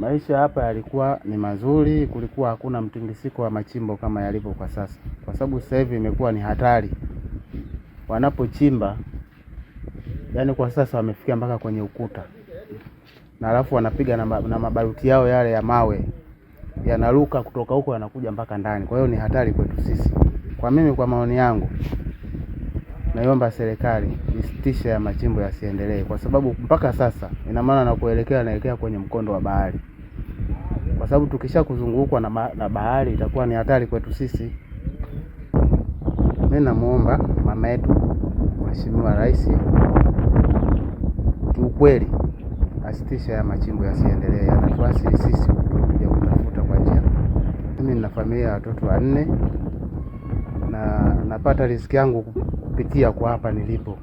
Maisha hapa yalikuwa ni mazuri, kulikuwa hakuna mtingisiko wa machimbo kama yalivyo kwa sasa, kwa sababu sasa hivi imekuwa ni hatari wanapochimba. Yani kwa sasa wamefikia mpaka kwenye ukuta, na alafu wanapiga na, na mabaruti yao yale ya mawe yanaruka kutoka huko yanakuja mpaka ndani. Kwa hiyo ni hatari kwetu sisi. Kwa mimi, kwa maoni yangu, naiomba serikali isitishe ya machimbo yasiendelee, kwa sababu mpaka sasa ina maana na kuelekea naelekea kwenye mkondo wa bahari sababu tukisha kuzungukwa na, na bahari itakuwa ni hatari kwetu sisi. Mimi namuomba mama yetu Mheshimiwa Rais kiukweli asitishe haya machimbo yasiendelee, yanatuathiri sisi kuja kutafuta kwa njia. Mimi nina familia ya watoto wanne na napata riziki yangu kupitia kwa hapa nilipo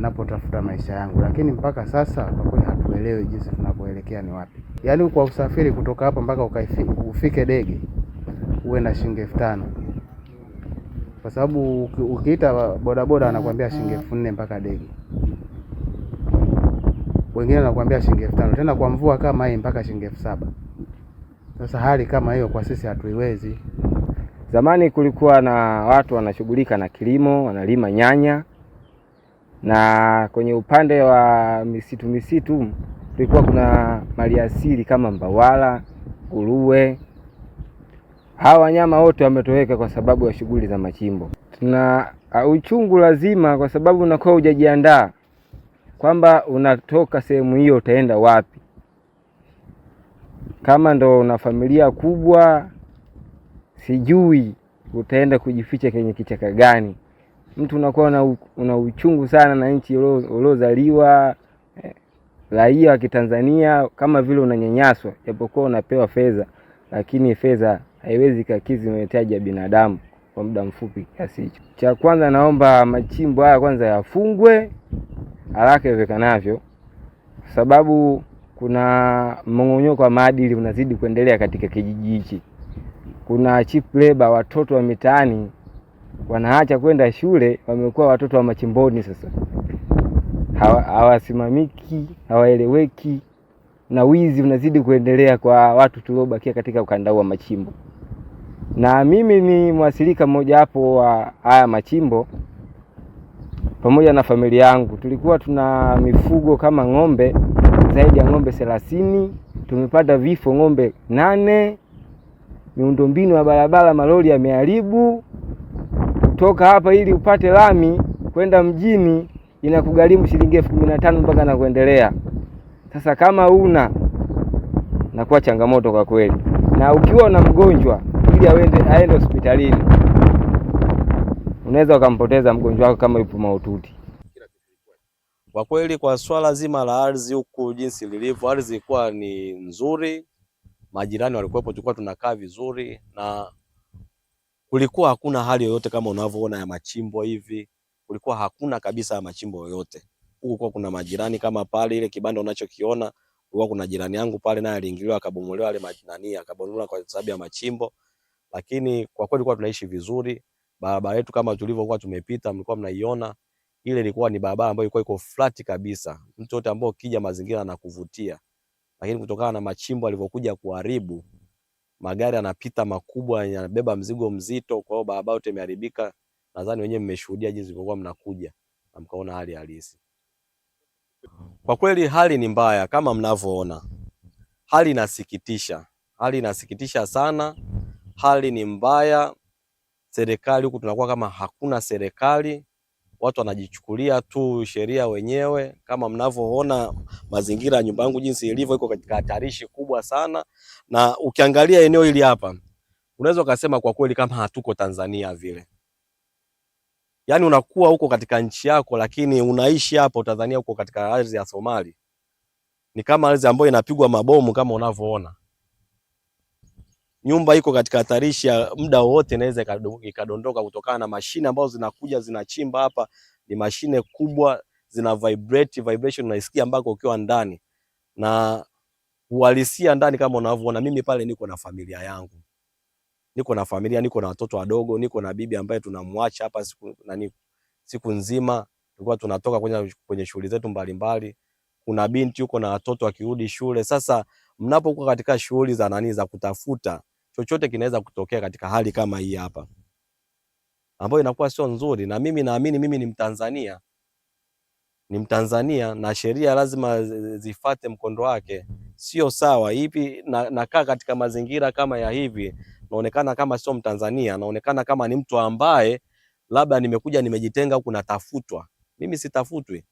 napotafuta maisha yangu, lakini mpaka sasa kwa kweli hatuelewi jinsi tunapoelekea ni wapi yaani kwa usafiri kutoka hapa mpaka ufike Dege uwe na shilingi elfu tano kwa sababu ukiita bodaboda anakuambia shilingi elfu nne mpaka Dege, wengine anakuambia shilingi elfu tano tena kwa mvua kama hii mpaka shilingi elfu saba Sasa hali kama hiyo kwa sisi hatuiwezi. Zamani kulikuwa na watu wanashughulika na kilimo, wanalima nyanya na kwenye upande wa misitu misitu kulikuwa kuna maliasili kama mbawala, nguruwe. Hawa wanyama wote wametoweka kwa sababu ya shughuli za machimbo. Tuna uchungu lazima, kwa sababu unakuwa hujajiandaa kwamba unatoka sehemu hiyo utaenda wapi. Kama ndo una familia kubwa, sijui utaenda kujificha kwenye kichaka gani? Mtu unakuwa una uchungu sana na nchi uliozaliwa raia wa Kitanzania kama vile unanyanyaswa, japokuwa unapewa fedha, lakini fedha haiwezi kukidhi mahitaji ya binadamu kwa muda mfupi kiasi hicho. Cha kwanza, naomba machimbo haya kwanza yafungwe haraka iwezekanavyo, kwa sababu kuna mmong'onyoko wa maadili unazidi kuendelea katika kijiji hichi. Kuna cheap labor, watoto wa mitaani wanaacha kwenda shule, wamekuwa watoto wa machimboni sasa hawasimamiki, hawaeleweki na wizi unazidi kuendelea kwa watu tuliobakia katika ukanda wa machimbo, na mimi ni mwasilika mmoja hapo wa haya machimbo. Pamoja na familia yangu tulikuwa tuna mifugo kama ng'ombe zaidi ya ng'ombe thelathini. Tumepata vifo ng'ombe nane. Miundombinu ya barabara, malori yameharibu. Kutoka hapa ili upate lami kwenda mjini inakugharimu shilingi elfu kumi na tano mpaka na kuendelea. Sasa kama una nakuwa changamoto kwa kweli, na ukiwa na mgonjwa ili aende aende hospitalini unaweza ukampoteza mgonjwa wako kama yupo mahututi. Kwa kweli, kwa swala zima la ardhi huku jinsi lilivyo, ardhi ilikuwa ni nzuri, majirani walikuwepo, tulikuwa tunakaa vizuri na kulikuwa hakuna hali yoyote kama unavyoona ya machimbo hivi kulikuwa hakuna kabisa machimbo yoyote. Huko kwa kuna majirani kama pale ile kibanda unachokiona, huwa kuna jirani yangu pale naye aliingiliwa akabomolewa ile majinani, akabomolewa kwa sababu ya machimbo. Lakini kwa kweli kwa tunaishi vizuri. Barabara yetu kama tulivyokuwa tumepita, mlikuwa mnaiona, ile ilikuwa ni barabara ambayo ilikuwa iko flat kabisa. Mtu yote ambao ukija mazingira na kuvutia. Lakini kutokana na machimbo alivyokuja kuharibu magari yanapita makubwa yanabeba mzigo mzito, kwa hiyo barabara yote imeharibika nadhani wenyewe mmeshuhudia jinsi ilivyokuwa mnakuja na mkaona hali halisi. Kwa kweli hali ni mbaya kama mnavyoona, hali inasikitisha, hali inasikitisha sana, hali ni mbaya. Serikali huku tunakuwa kama hakuna serikali, watu wanajichukulia tu sheria wenyewe. Kama mnavyoona mazingira ya nyumba yangu jinsi ilivyo, iko katika hatarishi kubwa sana, na ukiangalia eneo hili hapa, unaweza ukasema kwa kweli kama hatuko Tanzania vile yani unakuwa huko katika nchi yako, lakini unaishi hapa, Tanzania, uko katika ardhi ya Somali. Ni kama ardhi ambayo inapigwa mabomu kama unavyoona. Nyumba iko katika hatarishi ya muda wowote inaweza ikadondoka, kutokana na mashine ambazo zinakuja zinachimba hapa. Ni mashine kubwa, zina vibrate, vibration unaisikia mpaka ukiwa ndani, na uhalisia ndani kama unavyoona. Mimi pale niko na familia yangu niko na familia, niko na watoto wadogo, niko na bibi ambaye tunamwacha hapa siku, nani, siku nzima tulikuwa tunatoka kwenye, kwenye shughuli zetu mbalimbali. Kuna binti yuko na watoto akirudi shule. Sasa mnapokuwa katika shughuli za nani za kutafuta chochote, kinaweza kutokea katika hali kama hii hapa ambayo inakuwa sio nzuri, na mimi naamini mimi ni Mtanzania, ni Mtanzania na sheria lazima zifate mkondo wake. Sio sawa hivi nakaa na katika mazingira kama ya hivi naonekana kama sio Mtanzania, naonekana kama ni mtu ambaye labda nimekuja nimejitenga huku natafutwa. Mimi sitafutwi,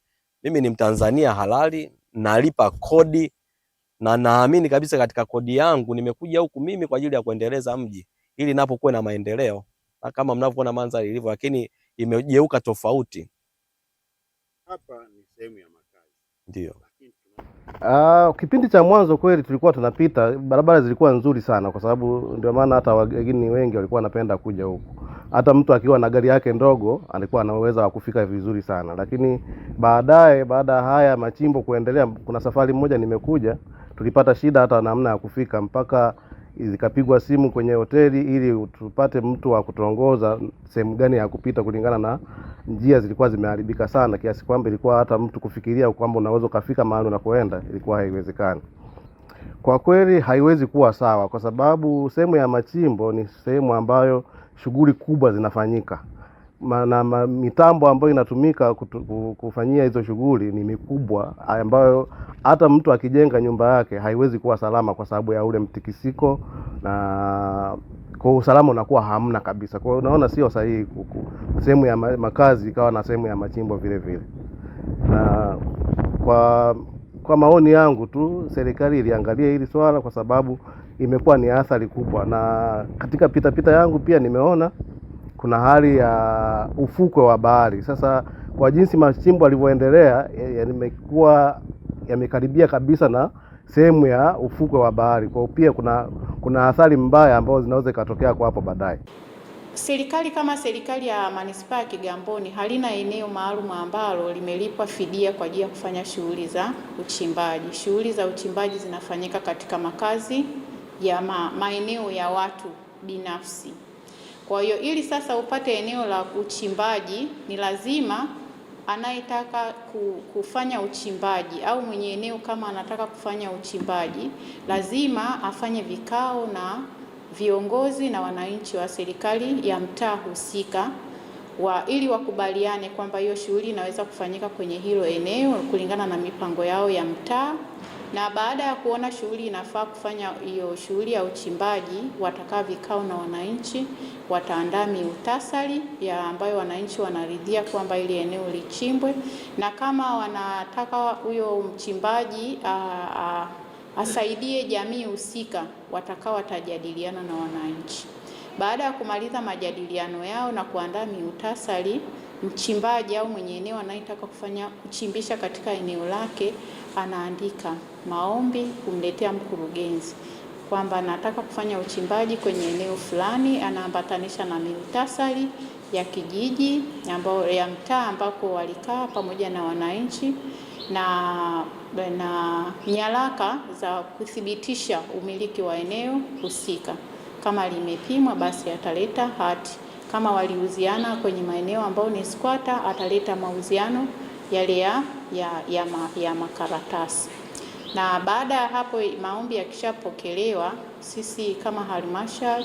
mimi ni Mtanzania halali, nalipa kodi na naamini kabisa katika kodi yangu. Nimekuja huku mimi kwa ajili ya kuendeleza mji ili napokuwa na maendeleo, na kama mnavyoona mandhari ilivyo, lakini imegeuka tofauti. Hapa ni sehemu ya makazi, ndio Uh, kipindi cha mwanzo kweli tulikuwa tunapita, barabara zilikuwa nzuri sana, kwa sababu ndio maana hata wageni wengi walikuwa wanapenda kuja huku. Hata mtu akiwa na gari yake ndogo alikuwa ana uwezo wa kufika vizuri sana, lakini baadaye, baada ya haya machimbo kuendelea, kuna safari moja nimekuja, tulipata shida hata namna ya kufika mpaka zikapigwa simu kwenye hoteli ili tupate mtu wa kutuongoza sehemu gani ya kupita, kulingana na njia zilikuwa zimeharibika sana, kiasi kwamba ilikuwa hata mtu kufikiria kwamba unaweza ukafika mahali unakoenda ilikuwa haiwezekani. Kwa kweli haiwezi kuwa sawa, kwa sababu sehemu ya machimbo ni sehemu ambayo shughuli kubwa zinafanyika na ma, mitambo ambayo inatumika kutu, kufanyia hizo shughuli ni mikubwa ambayo hata mtu akijenga nyumba yake haiwezi kuwa salama kwa sababu ya ule mtikisiko na kwa usalama unakuwa hamna kabisa. Kwa hiyo unaona sio sahihi sehemu ya makazi ikawa na sehemu ya machimbo vile vile. Na kwa kwa maoni yangu tu serikali iliangalia hili swala kwa sababu imekuwa ni athari kubwa, na katika pitapita pita yangu pia nimeona kuna hali ya ufukwe wa bahari. Sasa kwa jinsi machimbo yalivyoendelea, yamekuwa yamekaribia kabisa na sehemu ya ufukwe wa bahari. Kwa pia kuna kuna athari mbaya ambazo zinaweza ikatokea kwa hapo baadaye. Serikali kama serikali ya manispaa ya Kigamboni halina eneo maalum ambalo limelipwa fidia kwa ajili ya kufanya shughuli za uchimbaji. Shughuli za uchimbaji zinafanyika katika makazi ya ma, maeneo ya watu binafsi. Kwa hiyo ili sasa upate eneo la uchimbaji, ni lazima anayetaka kufanya uchimbaji au mwenye eneo kama anataka kufanya uchimbaji, lazima afanye vikao na viongozi na wananchi wa serikali ya mtaa husika wa ili wakubaliane kwamba hiyo shughuli inaweza kufanyika kwenye hilo eneo kulingana na mipango yao ya mtaa na baada ya kuona shughuli inafaa kufanya hiyo shughuli ya uchimbaji, watakaa vikao na wananchi, wataandaa mihutasari ya ambayo wananchi wanaridhia kwamba ili eneo lichimbwe, na kama wanataka huyo mchimbaji a, a, asaidie jamii husika, watakaa watajadiliana na wananchi. Baada ya kumaliza majadiliano yao na kuandaa mihutasari mchimbaji au mwenye eneo anayetaka kufanya kuchimbisha katika eneo lake anaandika maombi kumletea mkurugenzi kwamba anataka kufanya uchimbaji kwenye eneo fulani, anaambatanisha na mihutasari ya kijiji ambao ya mtaa ambako walikaa pamoja na wananchi na, na nyaraka za kuthibitisha umiliki wa eneo husika. Kama limepimwa basi ataleta hati. Kama waliuziana kwenye maeneo ambayo ni squatter, ataleta mauziano yale ya, ya, ya, ma, ya makaratasi. Na baada ya hapo maombi yakishapokelewa, sisi kama halmashauri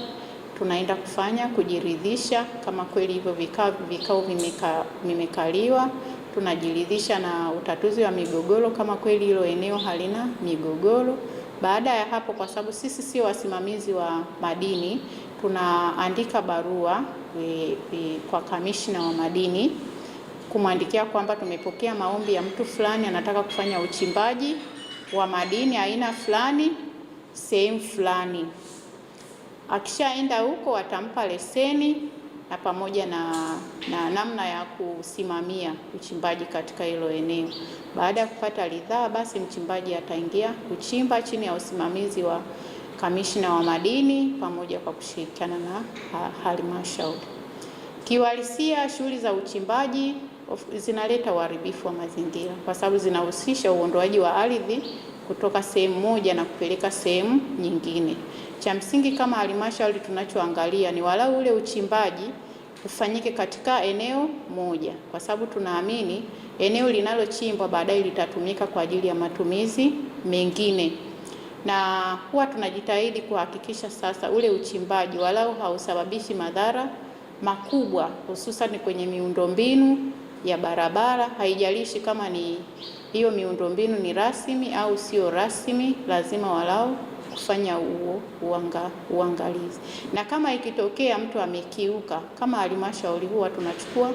tunaenda kufanya kujiridhisha kama kweli hivyo vikao vikao vimeka, vimekaliwa tunajiridhisha na utatuzi wa migogoro kama kweli hilo eneo halina migogoro. Baada ya hapo, kwa sababu sisi sio wasimamizi wa madini, tunaandika barua kwa kamishna wa madini kumwandikia kwamba tumepokea maombi ya mtu fulani anataka kufanya uchimbaji wa madini aina fulani sehemu fulani. Akishaenda huko atampa leseni na pamoja na, na namna ya kusimamia uchimbaji katika hilo eneo. Baada ya kupata ridhaa, basi mchimbaji ataingia kuchimba chini ya usimamizi wa kamishna wa madini pamoja kwa kushirikiana na halmashauri. Kiuhalisia, shughuli za uchimbaji zinaleta uharibifu wa mazingira kwa sababu zinahusisha uondoaji wa ardhi kutoka sehemu moja na kupeleka sehemu nyingine. Cha msingi kama halmashauri tunachoangalia ni walau ule uchimbaji ufanyike katika eneo moja, kwa sababu tunaamini eneo linalochimbwa baadaye litatumika kwa ajili ya matumizi mengine na huwa tunajitahidi kuhakikisha sasa ule uchimbaji walau hausababishi madhara makubwa, hususan kwenye miundombinu ya barabara. Haijalishi kama ni hiyo miundombinu ni rasmi au sio rasmi, lazima walau kufanya huo uanga, uangalizi, na kama ikitokea mtu amekiuka, kama halmashauri huwa tunachukua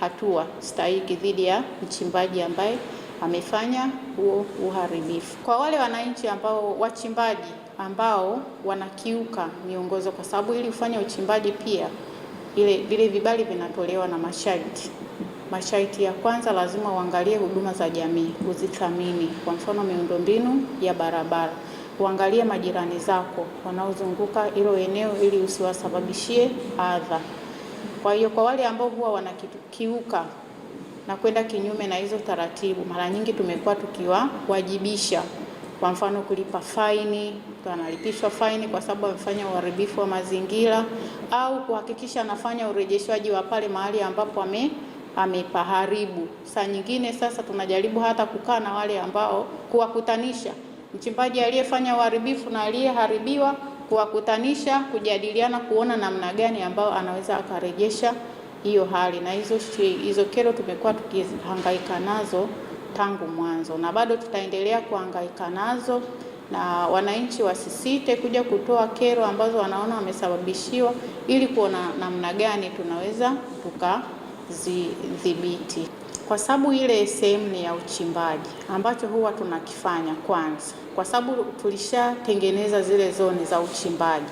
hatua stahiki dhidi ya mchimbaji ambaye amefanya huo uharibifu. Kwa wale wananchi ambao wachimbaji ambao wanakiuka miongozo, kwa sababu ili ufanye uchimbaji pia ile vile vibali vinatolewa na masharti. Masharti ya kwanza, lazima uangalie huduma za jamii uzithamini, kwa mfano miundombinu ya barabara, uangalie majirani zako wanaozunguka hilo eneo ili usiwasababishie adha. Kwa hiyo kwa wale ambao huwa wanakiuka na kwenda kinyume na hizo taratibu, mara nyingi tumekuwa tukiwawajibisha. Kwa mfano kulipa faini, mtu analipishwa faini kwa sababu amefanya uharibifu wa mazingira, au kuhakikisha anafanya urejeshwaji wa pale mahali ambapo ame amepaharibu. Saa nyingine sasa tunajaribu hata kukaa na wale ambao kuwakutanisha mchimbaji aliyefanya uharibifu na aliyeharibiwa, kuwakutanisha, kujadiliana, kuona namna gani ambao anaweza akarejesha hiyo hali na hizo hizo kero tumekuwa tukihangaika nazo tangu mwanzo na bado tutaendelea kuhangaika nazo, na wananchi wasisite kuja kutoa kero ambazo wanaona wamesababishiwa ili kuona namna gani tunaweza tukazidhibiti, kwa sababu ile sehemu ni ya uchimbaji, ambacho huwa tunakifanya kwanza, kwa sababu tulishatengeneza zile zoni za uchimbaji.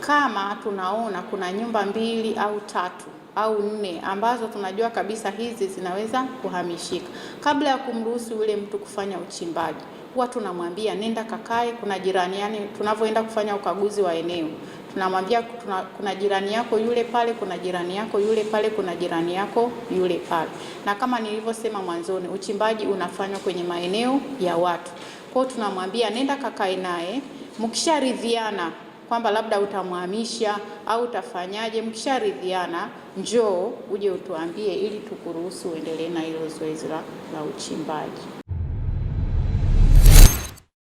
Kama tunaona kuna nyumba mbili au tatu au nne ambazo tunajua kabisa hizi zinaweza kuhamishika. Kabla ya kumruhusu yule mtu kufanya uchimbaji, huwa tunamwambia nenda kakae, kuna jirani yani, tunavyoenda kufanya ukaguzi wa eneo tunamwambia tuna, kuna jirani yako yule pale, kuna jirani yako yule pale, kuna jirani yako yule pale. Na kama nilivyosema mwanzoni, uchimbaji unafanywa kwenye maeneo ya watu, kwao tunamwambia nenda kakae naye, mkisharidhiana kwamba labda utamhamisha au utafanyaje. Mkisharidhiana, njoo uje utuambie ili tukuruhusu uendelee na hilo zoezi la uchimbaji.